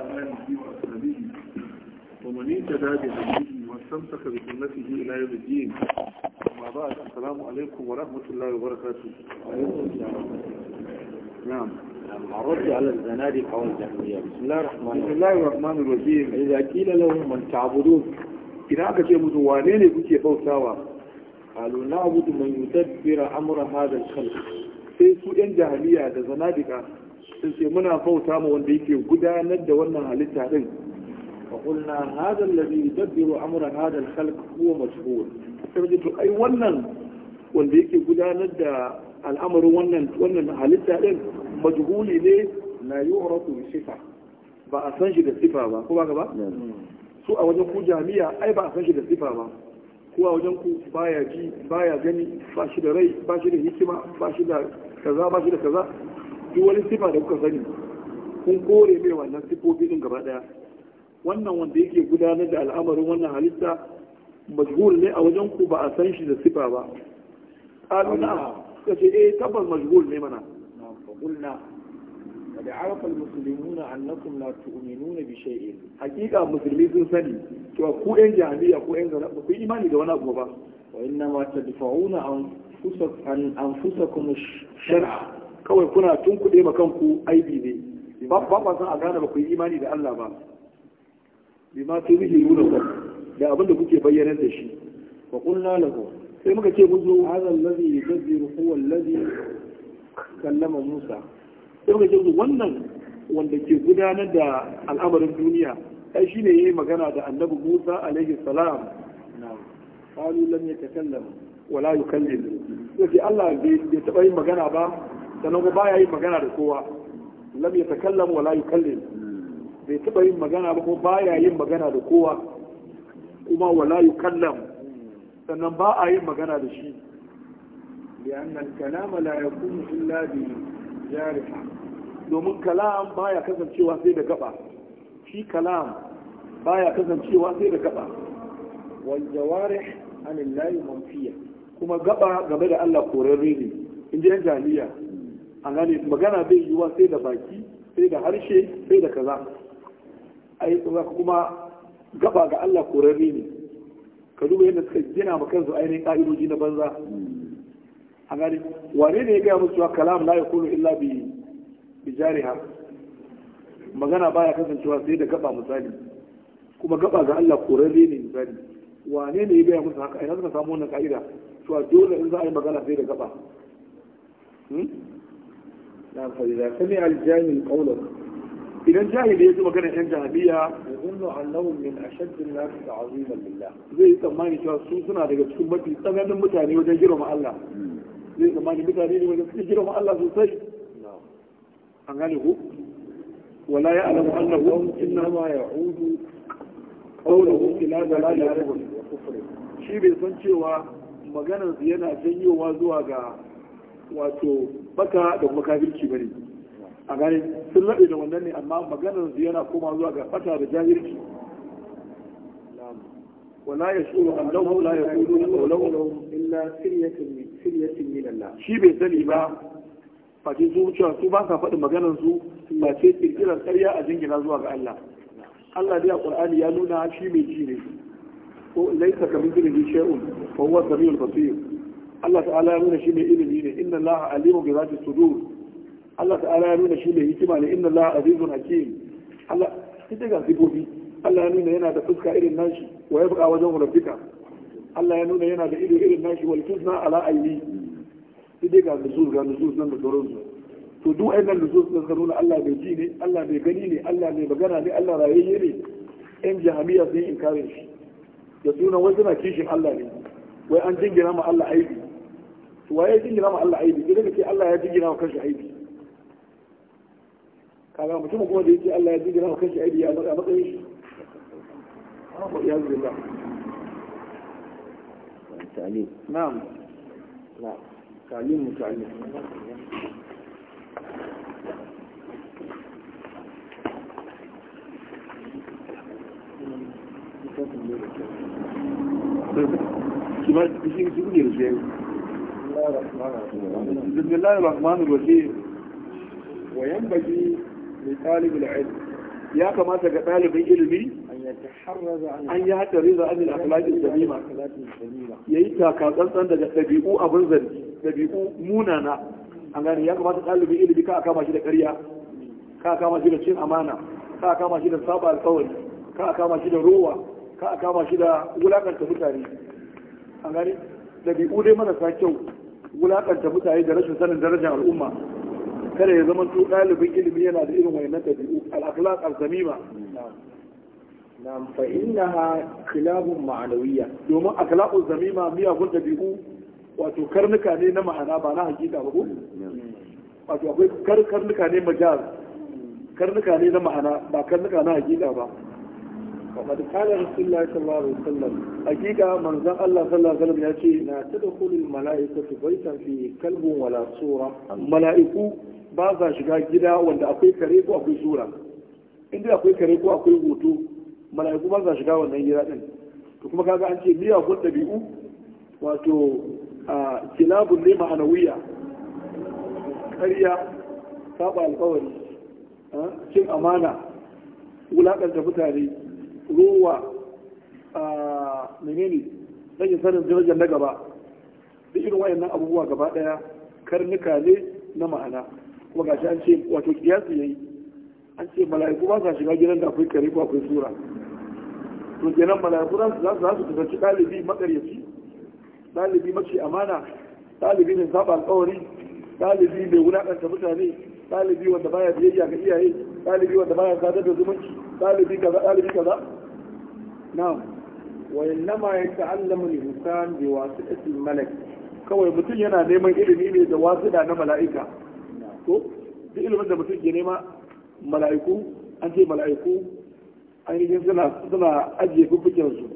آله وأصحابه ومن اهتدى بهديه واستمسك بسنته إلى يوم الدين أما بعد السلام عليكم ورحمة الله وبركاته نعم الرد على الزنادقة والجهمية بسم الله الرحمن الرحيم بسم الله الرحمن الرحيم إذا قيل لهم من تعبدون إذا أكد يمز وانين كنت بوتاوا قالوا نعبد من يدبر أمر هذا الخلق sai su 'yan jahiliya da sun ce muna bauta ma wanda yake gudanar da wannan halitta din fa qulna hadha alladhi yudabbiru amra hadha al-khalq huwa majhul sai to ai wannan wanda yake gudanar da al'amarin wannan wannan halitta din majhuli ne la yu'rafu bi sifa ba a san shi da sifa ba ko ba ka ba su a wajen ku jami'a ai ba a san shi da sifa ba ko a wajen ku baya ji baya gani ba shi da rai ba shi da hikima ba shi da kaza ba shi da kaza duk wani sifa da kuka sani kun kore mai wannan sifofi din gaba daya wannan wanda yake gudanar da al'amarin wannan halitta majhul ne a wajen ku ba a san shi da sifa ba qalu na kace eh tabbas majhul ne mana qulna قد عرف annakum la tu'minuna bi shay'in haqiqa musulmi sun sani cewa ku ɗan jami'a ku ɗan zara ku imani da wani abu ba wa inna ma tadfa'una an fusakum an fusakum shar'a kawai kuna kuɗe ma kanku aibi ne ba ba san a gane ba ku yi imani da Allah ba bima sai muke nuna ku da abin da kuke bayyana da shi wa qulna lahu sai muka ce musu hadha allazi yudabbiru huwa allazi kallama Musa sai muka ce musu wannan wanda ke gudanar da al'amarin duniya ai shine yayi magana da annabi Musa alaihi salam na'am qalu lam yatakallam wala yukallim sai Allah bai taɓa yin magana ba sannan ko ya yin magana da kowa lam yatakallam wala kallin. bai taɓa yin magana ba ko ya yin magana da kowa kuma wala yukallam sannan ba a yin magana da shi لأن الكلام لا يكون إلا بجارحة domin kalam ya kasancewa sai da gaba shi kalam ya kasancewa sai da gaba wal jawarih anillahi manfiya kuma gaba game da Allah korarre ne in ji jahiliya a gane magana bai yiwuwa sai da baki sai da harshe sai da kaza ai kuma gaba ga Allah korarre ne ka duba yadda suka gina ma kansu ainihin ka'idoji na banza a gane wane ne ya gaya musu cewa kalam la yakunu illa bi bi jariha magana baya kasancewa sai da gaba misali kuma gaba ga Allah korarre ne misali wane ne ya gaya musu haka ina suka samu wannan ka'ida cewa dole in za a yi magana sai da gaba hmm? fa'ida sami idan jahili ya ji magana yan jahiliya yanzu annahum min nas ta'ziman lillah zai yi cewa su suna daga cikin mafi tsananin mutane wajen girma Allah hmm. zai mutane ne wajen Allah sosai an gane ku wala ya'lamu annahu innama ya'udu qawluhu ila dalalatihi shi bai san cewa maganar yana janyowa zuwa ga wato baka da kuma kafirci bane a gane sun laɓe da wannan ne amma maganar su yana koma zuwa ga fata da jahilci wala ya shuru annahu la yaqulu qawluhum illa siryatun min siryatun min Allah shi bai sani ba fatin su su ba sa faɗin maganar su ba ce kirkirar ƙarya a jingina zuwa ga Allah Allah dai a Qur'ani ya nuna shi mai ji ne ko laisa kamithlihi shay'un fa huwa samiul basir Allah ta'ala ya nuna shi ne ilimi ne inna Allah alimu bi zati sudur Allah ta'ala ya nuna shi mai hikima ne inna Allah azizun hakim Allah sai daga sifofi Allah ya nuna yana da fuska irin nashi wa yabqa wajen rabbika Allah ya nuna yana da ido irin nashi wal kizna ala aini sai daga nuzul ga nuzul nan da su. to duk ayyukan nuzul da suka nuna Allah bai ji ne Allah bai gani ne Allah bai magana ne Allah rayayye ne yan jahamiya sun yi inkarin shi da sunan wasu na kishin Allah ne wai an jingina ma Allah aiki? to waye jingina ma Allah aibi idan ke Allah ya jingina ma kanshi aibi kaga mutum kuma da yake Allah ya jingina ma kanshi aibi ya matsayin shi ya zuwa تعليم نعم نعم تعليم متعلم Kimar cikin cikin yarjejeniya. بسم الله الرحمن الرحيم وينبغي لطالب العلم يا كما طالب علمي an ya haɗa riza an al'akalakin sabima ya yi takatsantsan daga ɗabi'u abun zargi ɗabi'u munana an gani ya kamata ɗalibin ilimi ka kama shi da ƙarya ka kama shi da cin amana ka kama shi da saba alƙawari ka kama shi da ruwa ka kama shi da wulakanta mutane an gani ɗabi'u dai marasa kyau wulakanta mutane da rashin sanin darajar al'umma kada ya zama to ɗalibin ilimi yana da irin wayannan ɗabi'u al al-zamima na'am fa innaha kilabun ma'anawiyya domin akhlaqu zamima miyagun ɗabi'u wato karnuka ne na ma'ana ba na hakika ba ko wato akwai karnuka ne majaz karnuka ne na ma'ana ba karnuka na hakika ba kamar kalar rasulullah sallallahu alaihi wasallam hakika manzan Allah sallallahu alaihi ya ce na ta da tadkhulul malaikatu baitan fi kalbun wala sura malaiku ba za shiga gida wanda akwai kare ko akwai sura inda akwai kare ko akwai hoto malaiku ba za shiga wannan gida din to kuma kaga an ce miyagun dabi'u wato kilabun ne ma'anawiya ƙarya saba alƙawari cin amana wulaƙanta mutane ruwa menene rage sanin jirgin na gaba da irin wayannan abubuwa gaba daya karnuka ne na ma'ana kuma gashi an ce wato kiyasi yayi an ce mala'iku ba sa shiga gidan da akwai kare ko akwai sura to kenan mala'iku za su za su kusanci ɗalibi makaryaci ɗalibi mace amana ɗalibi mai saba alƙawari ɗalibi mai wulaƙanta mutane ɗalibi wanda baya biyayya ga iyaye ɗalibi wanda baya sadar da zumunci ɗalibi kaza ɗalibi kaza na'am wa innama yata'allamu al-insan bi wasitati malak kawai mutum yana neman ilimi ne da wasida na mala'ika to duk ilimin da mutum ke nema mala'iku an ce mala'iku an yi suna suna ajiye fuffuken su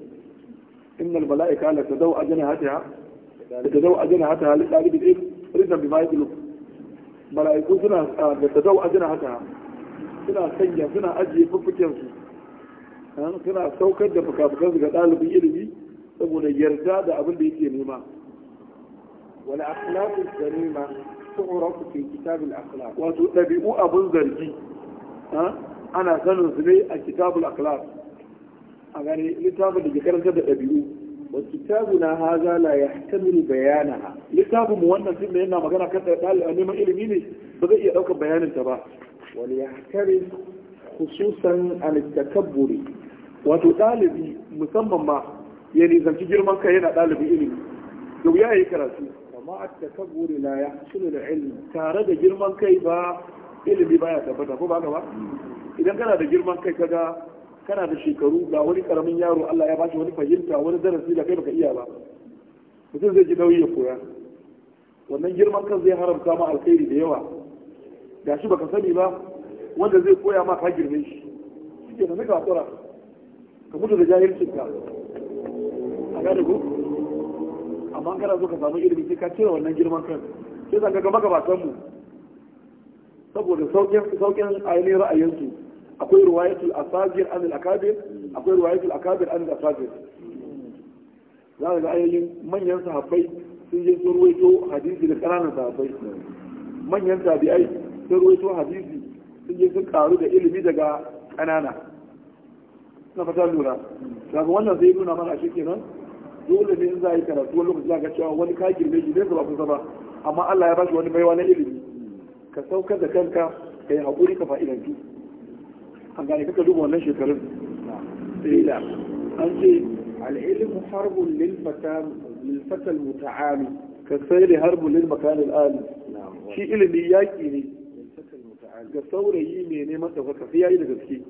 innal mala'ika la tadau la tadau ajnahatiha li talibil ilm rizqan bima yatlub mala'iku suna da tadau ajnahatiha suna sanya suna ajiye fuffuken su suna saukar da fukafukansu ga ɗalibin ilimi saboda yarda da abin da yake nema wani akhlaqu zanima tu'rafu fi kitab al-akhlaq wato ɗabi'u abin zargi ana sanin su ne a kitabul akhlaq a gani littafin da ke karanta da ɗabi'u wa kitabu na haza la yahtamilu bayanaha littafin mu wannan tun da yana magana kan ɗalibin neman ilimi ne ba zai iya ɗaukar bayanin ta ba wal yahtarim khususan al-takabburi wato ɗalibi musamman ma ya nizanci girman kai yana ɗalibin ilimi da wuya ya yi karatu amma a takabburi na ya shine da ilimi tare da girman kai ba ilimi ya tabbata ko ba ka ba idan kana da girman kai kaga kana da shekaru ga wani karamin yaro Allah ya bashi wani fahimta wani darasi da kai baka iya ba mutum zai ji nauyi ya koya wannan girman kan zai haramta ma alkhairi da yawa gashi baka sani ba wanda zai koya ma ka girme shi shi ke ka naka ka gudu da jahilcin ka a gane ku amma kana so ka samu ilimi sai ka cire wannan girman kan sai zanga ga magabatan mu saboda saukin saukin ainihin ra'ayinsu akwai ruwayatul asabir an al-akabir akwai ruwayatul akabir an al-asabir za a ga ayoyin manyan sahabbai sun je sun ruwaito hadisi da ƙananan sahabbai manyan tabi'ai sun ruwaito hadisi sun je sun karu da ilimi daga ƙanana na fata lura ga wannan zai nuna mana shi kenan dole ne in za a yi karatu wani lokaci ga cewa wani ka girme shi zai ba kusa ba amma Allah ya ba shi wani baiwa na ilimi ka saukar da kanka ka yi haƙuri ka ki an gane kaka duba wannan shekarun da an ce al'ilmu harbun lilfatar muta'ami ka sai da harbun lil al'ali shi ilimi yaƙi ne ga saurayi mai neman ɗaukaka sai ya yi da gaske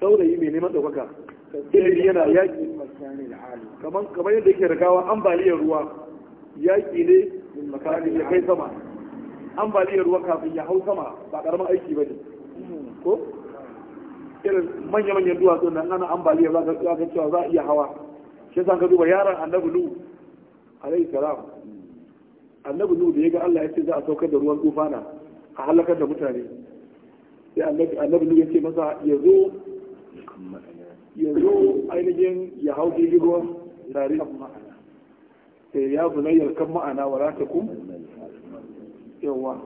saurayi mai neman ɗaukaka ilimi yana yaƙi kamar yadda yake rikawa ambaliyar ruwa yaƙi ne kafin ya kai sama ambaliyar ruwa kafin ya hau sama ba ƙaramin aiki ba ne ko irin manya-manyan duwatsu nan ana ambaliyar za ka cewa za a iya hawa shi san ka duba yaran annabi nu alayhi salam annabi nu da ya ga Allah ya ce za a saukar da ruwan tufana a halakar da mutane sai annabi nu ya ce masa ya zo yanzu ainihin ya hau jirgin ruwa tare sai eh, ya bunayyar kan ma'ana wa rata ku yawa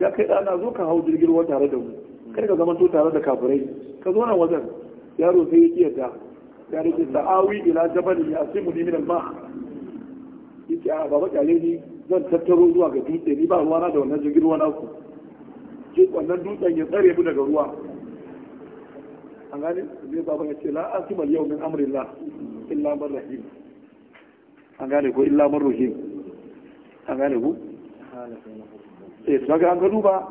ya kai ɗana zo ka hau jirgin ruwa tare da mu Kar ka zamanto tare da kafirai ka zo nan wajen yaro sai ya kiyata ya rike sa'awi ila jabal ya asimu mu min ba. ma yace a baba kyale ni zan tattaro zuwa ga dutse ni ba ruwa na da wannan jirgin ruwa na ku shi wannan dutsen ya tsare mu daga ruwa an gane zai ba ya ce la asimal yau min amrillah illa man rahim an gane ko illa man rahim an gane ko eh to ga an ga ba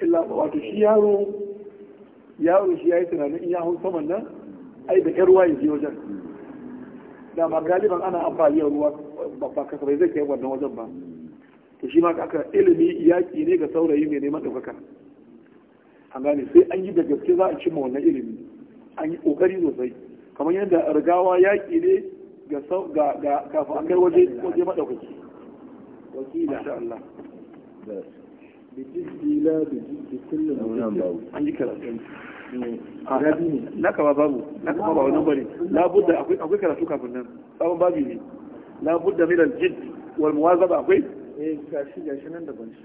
illa wato shi yaro yaro shi ya yi tunanin iya ya hau saman nan ai da ruwa waye je wajen da ma galiban ana ambaliyar ruwa ba bai zai kai wannan wajen ba to shi ma aka ilimi yaƙi ne ga saurayi mai neman ɗaukaka an gane sai an yi da gaske za a cimma wannan ilimi an yi kokari sosai kamar yadda rigawa yaƙi ne ga kafin an kai waje waje maɗaukaki wakila insha Allah bijiddi la bijiddi kullum an yi karatu ah, na kama babu na kama ba wani bane labudda akwai karatu kafin nan sabon babu ne labudda milal jid wal muwazaba akwai eh gashi gashi nan da ban shi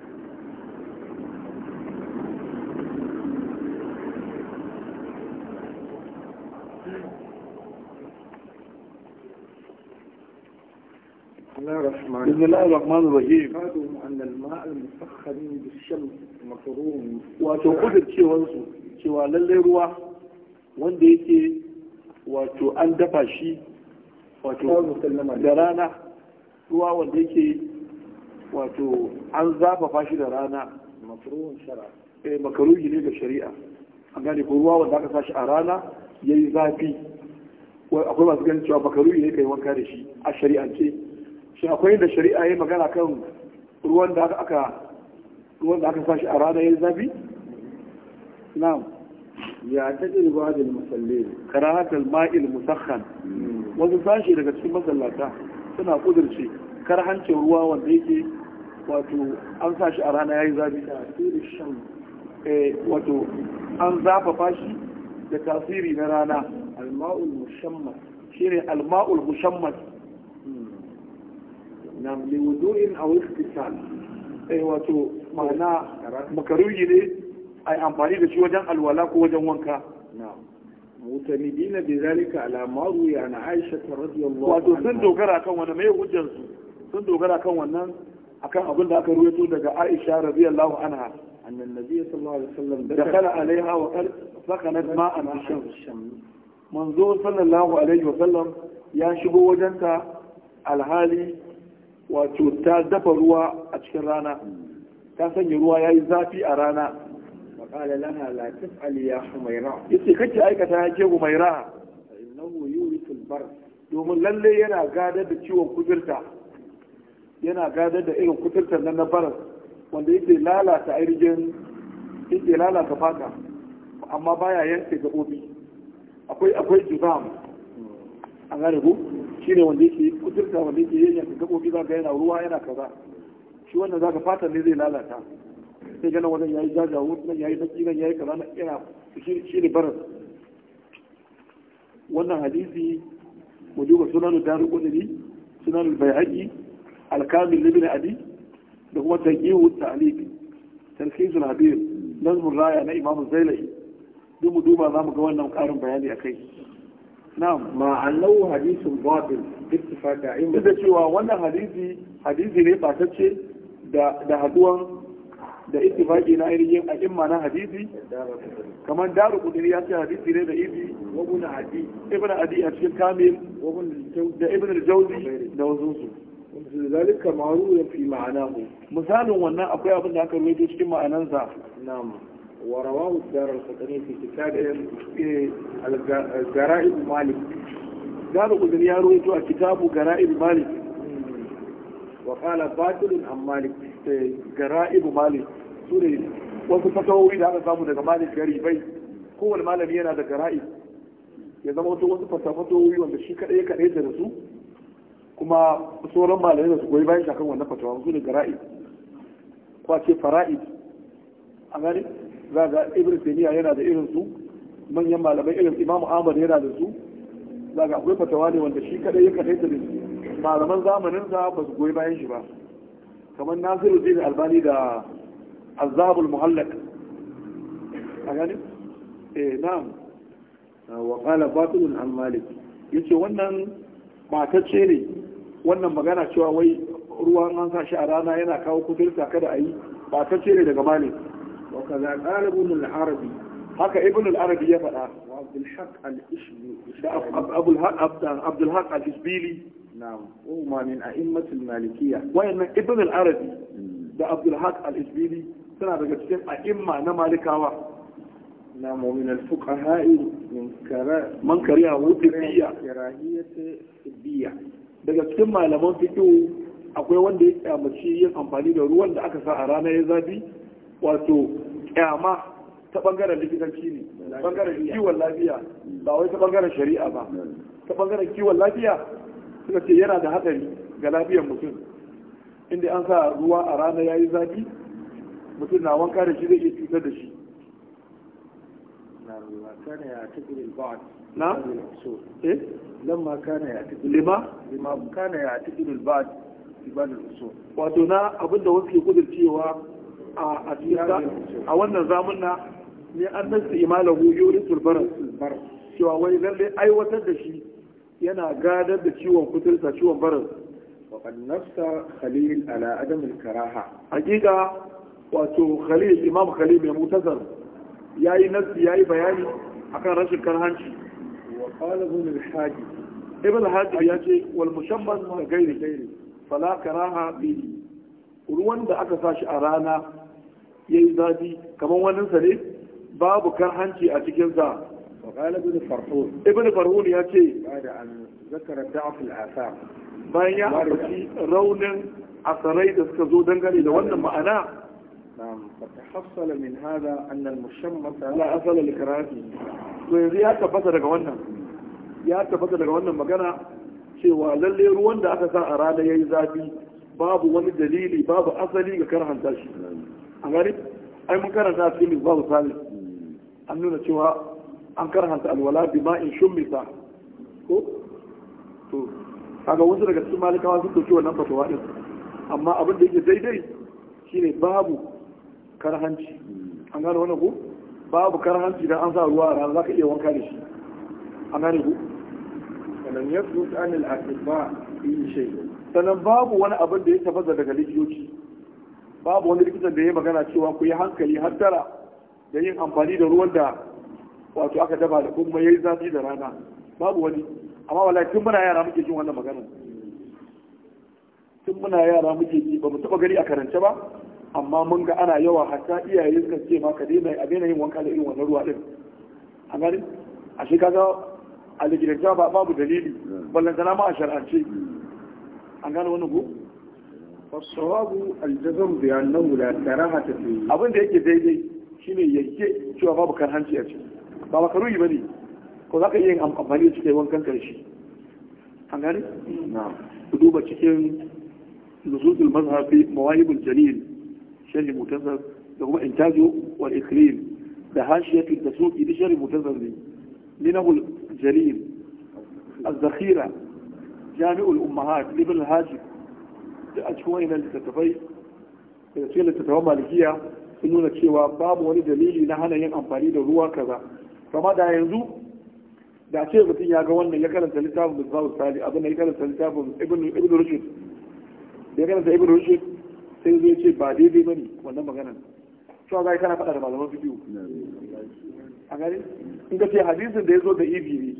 بسم الله الرحمن بسم الله الرحمن الرحيم lallai ruwa wanda yake wato an dafa shi da rana ruwa wanda yake wato an zafafa shi da rana eh, makaruhin ne ga shari'a an gane ko ruwa wanda aka sa shi a rana ya yi zafi akwai masu ganin cewa makaruhi ne kai wanka da shi a shari'ance shi akwai da shari'a ya magana kan ruwan da aka ruwan da aka sashi a rana ya zafi na'am ya ta ruwa da musalli karahatul ma'il musakhan wasu sashi daga cikin masallata suna kudurce karhancin ruwa wanda yake wato an sashi a rana ya yi zafi eh, wato an zafafa shi da tasiri na rana alma'ul shi shine alma'ul mushammad na liwudu'in a ikhtisal eh wato ma'ana ne ai amfani da shi wajen alwala ko wajen wanka mutanidina bi ala maru ya na aisha radiyallahu anha wato sun dogara kan wannan mai hujjar su sun dogara kan wannan akan abin da aka ruwaito daga aisha radiyallahu anha أن النبي صلى الله عليه وسلم دخل عليها وقال سكنت ماء الشمس منظور صلى الله عليه وسلم wato ta dafa ruwa a cikin rana ta sanya ruwa ya yi zafi a rana faƙala lana la taf'ali ya ce yace kake aikata ya ke humaira innahu yuritul bar domin lalle yana gadar da ciwon kuturta yana gadar da irin kuturtar nan na nabar wanda yake lalata ainihin yake lalata fata amma baya yanke gabobi akwai akwai juzam an gane shi ne wanda yake kudurta wanda yake yin yanka gaɓoɓi za ka yana ruwa yana kaza shi wannan za ka fata ne zai lalata sai gana wannan yayi jajawo nan yayi baki nan yayi kaza na yana shi ne barin wannan hadisi mu duba sunan daru qudri sunan al-bayhaqi al-kamil ibn abi da kuma taqiyu ta'alib tarkhiz al-habir nazm raya na imamu zailai duk mu duba zamu ga wannan karin bayani akai na'am ma annahu hadithun batil bittifaqi a'imma da cewa wannan hadisi hadisi ne batacce da da haduwan da ittifaqi na ainihin a a'imma na hadisi kamar daru kudiri ya ce hadisi ne da ibi wa ibn adi ibn a cikin kamil da ibn da ibn al-jawzi da wazunsu zalika ma'ruf fi mu misalin wannan akwai abin da aka rubuta cikin ma'anansa ورواه الدار القطني في كتابه غرائب مالك قالوا قدر يا رويتو كتاب غرائب مالك وقال باطل عن مالك غرائب مالك سوري wasu fatawowi da aka samu daga malik garibai kowane malami yana da gara'i ya zama wasu wasu fatawowi wanda shi kadai ya kadai da su kuma sauran malamai da su goyi bayan shakan wannan fatawa su ne gara'i ce fara'id a gari za ga ibn taymiya yana da irin su manyan malamai irin imamu ahmad yana da su za ga akwai fatawa ne wanda shi kadai ya kadaita da su malaman zamanin sa ba su goyi bayan shi ba kamar nasiru din albani da azabul muhallaq a gani eh na'am wa qala batilun al malik yace wannan matacce ne wannan magana cewa wai ruwan an sa shi a rana yana kawo kuturta kada a yi ce ne daga malik وكذا قال ابن العربي haka ibn al-arabi ya faɗa wa abdul haq al da abdul al-isbili na'am wa min a'immat al-malikiyya wa inna al-arabi da al daga cikin a'imma na malikawa na mu'min al-fuqaha min kara man kariya wudiyya karahiyyati daga cikin malaman fiqh akwai wanda ya kyamaci yin amfani da ruwan da aka sa a ranar zabi zafi wato kyama ta bangaren likitanci ne bangaren kiwon lafiya ba wai ta bangaren shari'a ba ta bangaren kiwon lafiya suka ce yana da hatsari ga lafiyar mutum inda an sa ruwa a rana yayi zafi mutum na wanka da shi zai iya cutar da shi na? eh? lamma kana ya lima? Eh? lima kana ya wato na abinda wasu ke kudurcewa a ajiyarsa a wannan zamunna ne an nasta imala hujjorin turbarar cewa wani lalle aiwatar da shi yana gadar da ciwon kuturta ciwon barar wakil nasta khalil ala adamin karaha hakika wato khalil imam khalil mai ya yi nasta ya yi bayani a kan rashin karhanci ibn hajji ya ce wal musamman da gairi fala karaha bi ruwan da aka sa shi a rana yayi zafi kamar wani sa ne babu karhanci a cikinsa وقال ابن فرحون ابن فرحون يا bayan ya ambaci raunin asarai da suka zo dangane da wannan ma'ana فتحصل من daga wannan ya tabbata daga wannan magana cewa lallai ruwan da aka sa a rana yayi zafi babu wani dalili babu asali ga karhanta shi a gari ai mun karanta a cikin babu salis an nuna cewa an karanta alwala bi ma in misa ko to kaga wasu daga cikin malikawa sun dauki wannan fatawa ɗin amma abin da yake daidai shine babu karhanci an gane wannan ko babu karhanci da an sa ruwa a rana zaka iya wanka da shi an gane ko sanan yasbut an al-aqba bi shaidu sanan babu wani abin da ya tafasa daga likiyoci babu wani likitan da ya magana cewa ku yi hankali har dara da yin amfani da ruwan da wato aka dafa da kuma yayi zafi da rana babu wani amma wallahi tun muna yara muke jin wannan magana tun muna yara muke ji ba mu taba gari a karance ba amma mun ga ana yawa hatta iyaye suka ce ma ka daina a daina yin wanka da irin wannan ruwa din a gani a shi kaga a ba babu dalili ballantana ma a shar'ance an gane wani ko wasu aljazan biyan nan guda tara hata fi abin da yake daidai shine yanke cewa babu kan hanci a ciki ba makaruhi ba ne ko za ka yi amfani da cikin wankan karshe an gani? na ku duba cikin nususul mazhafi mawahibul jalil sharhi mutazar da kuma intajo wa ikhlil da hashiyatul tasuqi da sharhi mutazar ne linahul jalil الذخيرة جامع الأمهات لابن الهاجب da a cikin wayannan littattafai da cikin littattafan malikiya sun nuna cewa babu wani dalili na hana yin amfani da ruwa kaza kama da yanzu da a ce mutum ya ga wannan ya karanta littafin misbahu sali abin da ya karanta littafin ibn rushd da ya karanta ibn rushd sai zai ce ba daidai bane wannan maganan to ga kana faɗa da malaman fiqh a gare in ka ce hadisin da ya zo da ibi ne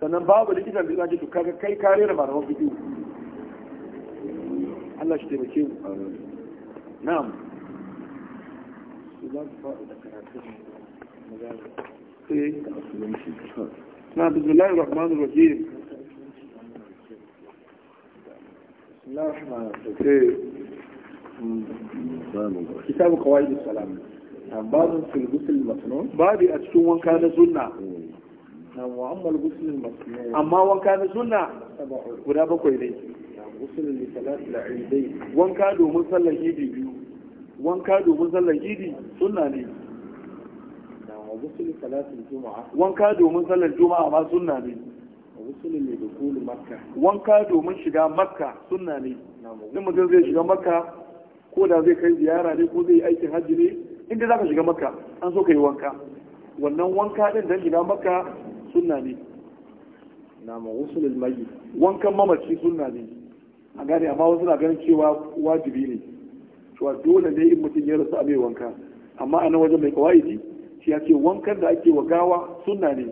sannan babu likitan da zai to kaga kai kare da malaman fiqh Allah eh. wanka na suna amma wanka na suna guda bakwai ne غسل لثلاث لعيدين وان كادوا من domin sallar بيو biyu كادوا domin sallar idi سنة لي غسل لثلاث الجمعة وان كادوا domin sallar juma'a ما سنة لي غسل li domin shiga makka sunna ne in mutum zai shiga makka ko da zai kai ziyara ne ko zai aikin hajji ne inda zaka shiga makka an so ka wanka wannan wanka din dan shiga makka sunna ne na ma al-mayyit wankan mamaci sunna ne a gane amma wasu na ganin cewa wajibi ne cewa dole ne in mutum ya rasu a mai wanka amma a nan wajen mai kawaidi shi ya ce wankan da ake wa gawa sunna ne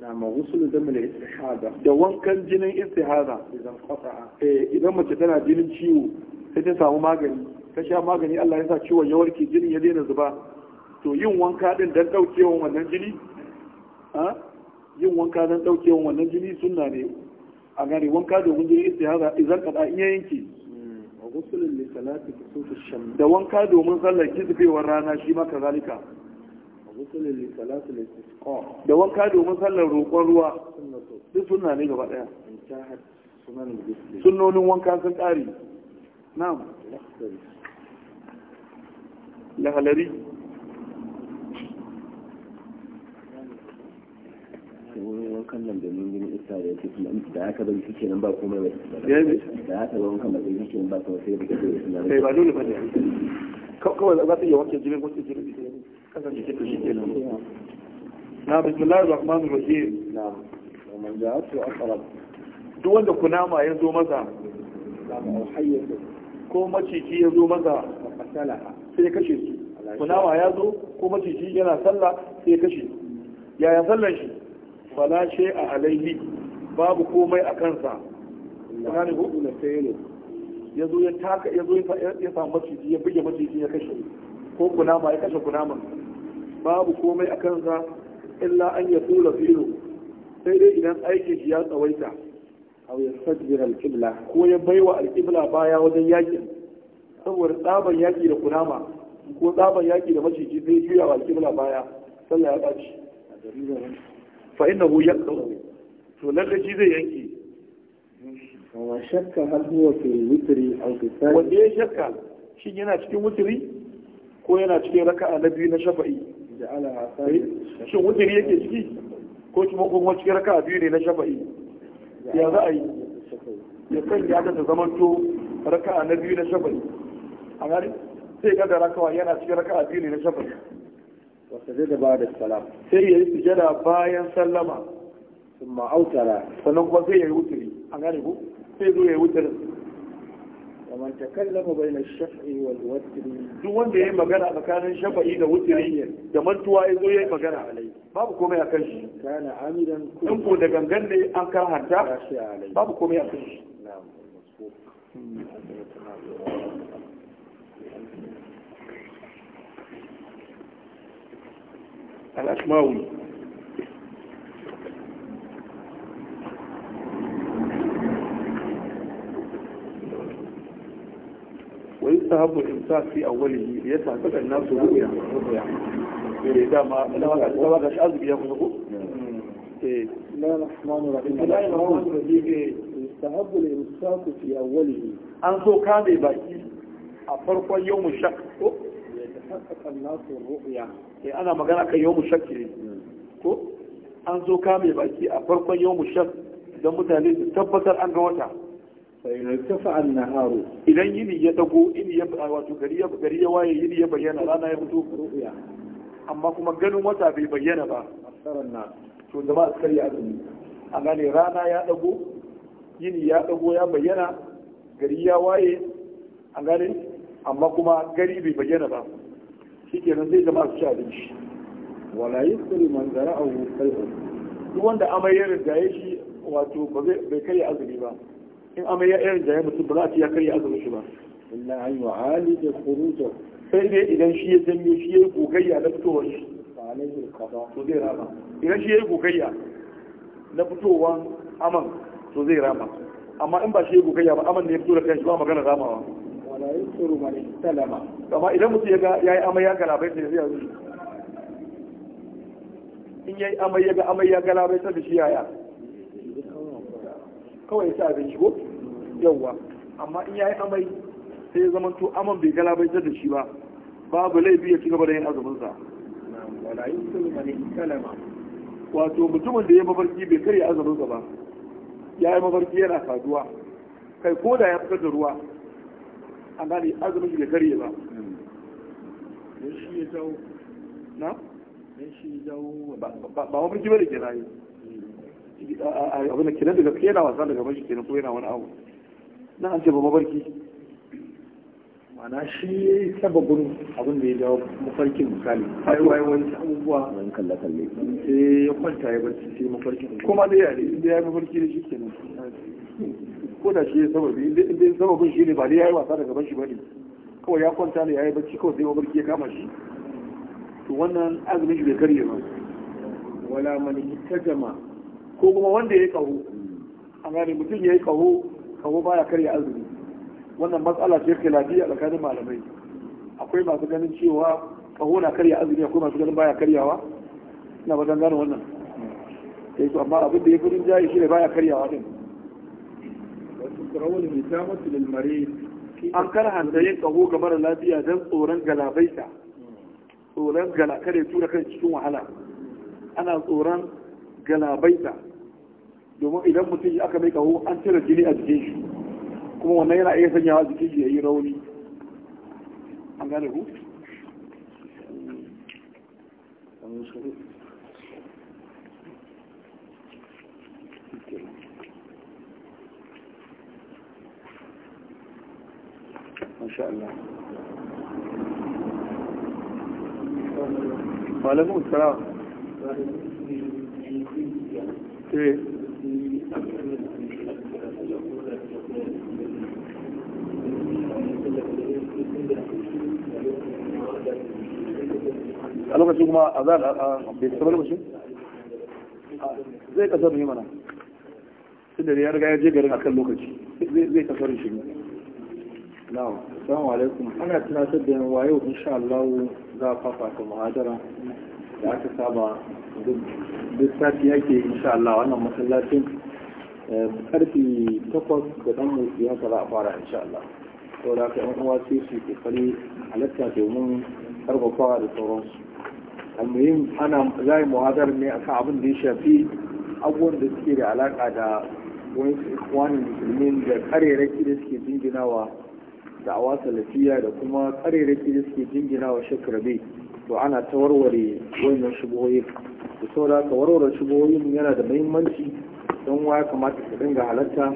na wasu da mai istihada da wankan jinin istihada eh, idan mace tana jinin ciwo sai ta samu magani ta sha magani Allah ya sa ciwon ya warke jinin ya daina zuba to yin wanka din dan daukewan wannan jini ah? yin wanka dan daukewan wannan jini sunna ne a gane wanka domin jini haza idan kada in ya yanke hmm, wa gusulun li salati kusufu shamsi da wanka domin sallar kizbewar rana shi ma kazalika wa gusulun li salati istisqa da wanka domin sallar roƙon ruwa duk sunna ne gaba daya sunnonin wanka sun ƙare na'am lahalari wankan kallon da mun gani isa da yake kuma da aka bari shi kenan ba komai ba da aka bari wankan ba shi kenan ba komai sai da kake suna sai ba dole ba ne kawai za su iya wanke jirin wanke jirin kasan jikin to shi kenan na bismillahir rahmanir rahim na man ja'atu aqrab duk wanda kunama ya zo maza. ko maciji ya zo masa sai ya kashe su kunama ya zo ko maciji yana sallah sai ya kashe su. yaya sallan shi fala she a alaihi babu komai a kansa kana ne hudu na sai ya zo ya taka ya zo ya samu maciji ya buge maciji ya kashe ko kunama ya kashe kunaman babu komai a kansa illa an ya tura filo sai dai idan aikin shi ya tsawaita aw ya sajjira alqibla ko ya baiwa alqibla baya wajen yakin saboda tsaban yaki da kunama ko tsaban yaki da maciji zai juya wa alqibla baya sallah ya baci fa innahu yaqdu to lalle shi zai yanke wa shakka hal huwa fi witri aw fi sa'i wanda ya shakka shin yana cikin witri ko yana cikin raka'a na biyu na shafa'i ala asari eh, shi witri yake ciki ko kuma kuma cikin raka'a biyu ne na shafa'i ya za a yi ya ya ta zamanto raka'a na biyu na shafa'i a sai ga da rakawa yana cikin raka'a biyu ne na shafa'i wata ba da salam sai ya yi sujada bayan sallama sun ma'autara sannan kuma sai ya yi wuturi an gane ku sai zo ya yi wuturi kamar ta kallama bai na shafi wal wuturi duk wanda ya yi magana tsakanin shafi da wuturi da mantuwa ya zo ya yi magana babu komai a kan shi kana amiran kuma in ko da gangan ne an kan hanta babu komai a kan shi na'am al'ashmawi a sahabbin imsa fi awwalihi ya tafi da nasu ruya eh dama dama ga azumi ya kusa ko hmm. eh la rahmanu rahim la rahmanu rahim yastahabbu al-imsak fi awwalihi an so kame baki a farkon yawmul shaq ko sai eh, ana magana kan yau mushak ne ko an zo kame baki a farkon yau mushak don mutane su tabbatar an ga wata Sai idan yini ya dago yini ya wato gari ya gari ya waye yini ya bayyana rana ya fito ru'ya amma kuma ganin wata bai bayyana ba to jama'a su karya azumi a gane rana ya dago yini ya dago ya bayyana gari ya waye a gane amma kuma gari bai bayyana ba shike nan zai zama su ci abinci wala yi tsiri man zara a wukai duk wanda amai ya rinjaye shi wato bai karya azumi ba in amai ya rinjaye mutum ba za a ci ya karya azumi shi ba illa an yi hali da kuruta sai dai idan shi ya zanye shi ya yi gogayya na fitowar shi to zai rama idan shi ya yi gogayya na fitowar aman to zai rama amma in ba shi ya yi gogayya ba aman ne ya fito da kanshi shi ba magana ramawa wala yusuru man istalama amma idan mutum ya ga yayi amai ya galabai sai ya yi in yayi amai ya ga amai ya galabai sai shi yaya kawai sai abin shi ko yawwa amma in ya yi amai sai ya zama to aman bai galabai sai da shi ba babu laifi ya ci gaba da yin azumin sa wala yusuru man istalama wato mutumin da ya mafarki bai karya azumin sa ba ya yi mafarki yana saduwa kai ko da ya fitar da ruwa an gane azumin shi bai karye ba dan shi ya dawo na dan shi ya dawo ba ba mafarki bane kenan yi hmm. abin da kenan da gaske yana wasa daga mashi kenan ko yana wani abu na an ce ba mafarki mana shi ya yi sababin abin da ya jawo mafarkin misali ai yi wani abubuwa wani kalle kalle eh, sai ya kwanta ya barci sai mafarkin kuma dai ya ne ya yi mafarki da shi kenan hmm. ko da shi ya sababi inda sababin shi ne ba ne ya yi wasa da gaban shi ba ne kawai ya kwanta ne ya yi bacci kawai sai mabarki ya kama shi to wannan azumin shi bai karye ba wala ta jama ko kuma wanda ya yi kaho a gane mutum ya yi kaho kaho baya karya azumi wannan matsala ce ke lafiya tsakanin malamai akwai masu ganin cewa kaho na karya azumi akwai masu ganin baya karyawa ina ba dangane wannan sai eh su amma abin da ya fi rinjaye shi ne baya karyawa din yukrahul hitamatu lil marid an karhanta yin kaho ga mara lafiya don tsoron galabaita tsoron galakare tura kan cikin wahala ana tsoron galabaita domin idan mutum ya aka mai kaho an cire jini a jikin shi kuma wannan yana iya sanyawa jikin shi ya yi rauni an gane ku إن شاء الله وعليكم السلام ألو إيه. بشيك ما أذان بيكتب ألو بشيك زي كسر مهم أنا سنة ريانا قاية جيكا رنا أكل لوكتش زي كسر مهم assalamu alaikum ana tunatar da yan yau insha Allah za a ta muhadara da aka saba duk sati yake insha Allah wannan masallacin eh, karfi takwas da dan motsi ya za a fara insha Allah to da ka yan uwa sai su a halatta domin karfafawa da sauransu almuhim ana zai muhadar ne akan abin da ya shafi abubuwan da suke da alaka da wani ikwanin musulmin da kareraki da suke jinginawa da'awa salafiya da kuma ƙarerake da suke jingina wa shakarabe to ana ta warware wannan shubuhoyin da saboda ka warware shubuhoyin yana da mahimmanci don waya kamata ka dinga halatta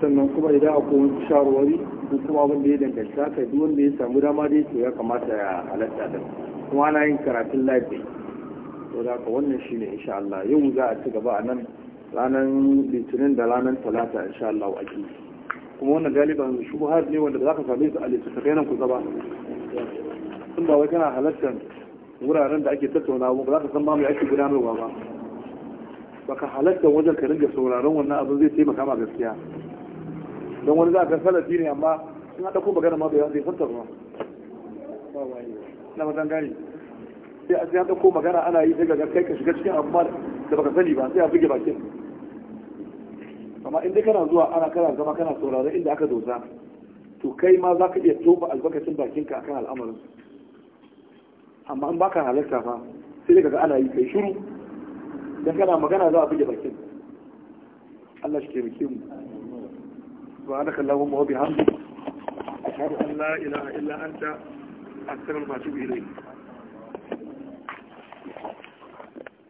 sannan kuma idan akwai wani shawarwari ko kuma abin da ya danganta ka duk wanda ya samu dama dai ya kamata ya halatta da kuma ana yin karatun lafiya to da ka wannan shine insha Allah yau za a ci gaba a nan ranar litinin da ranar talata insha Allah a kuma wannan galiban shubuhat ne wanda za ka same su a littattafai nan kusa ba sun ba wai kana halartar wuraren da ake tattaunawa ba za ka san ba mai ake gudanarwa ba Ba ka halarta wajen ka ringa sauraron wannan abin zai taimaka ma gaskiya don wani za ka salafi ne amma sun haɗa ko magana ma bai fassar ba na matan gani sai a haɗa ko magana ana yi daga kai ka shiga cikin amma da baka sani ba sai a buge bakin amma inda kana zuwa ana kana zama kana sauraron inda aka dosa to kai ma za ka iya tofa albarkacin bakinka akan al'amarin amma in baka halarta fa sai daga ana yi kai shiru dan kana magana za a buge bakin Allah shi taimake mu subhanaka allahumma wa bihamdika ashhadu an la ilaha illa anta astaghfiruka wa atubu ilayk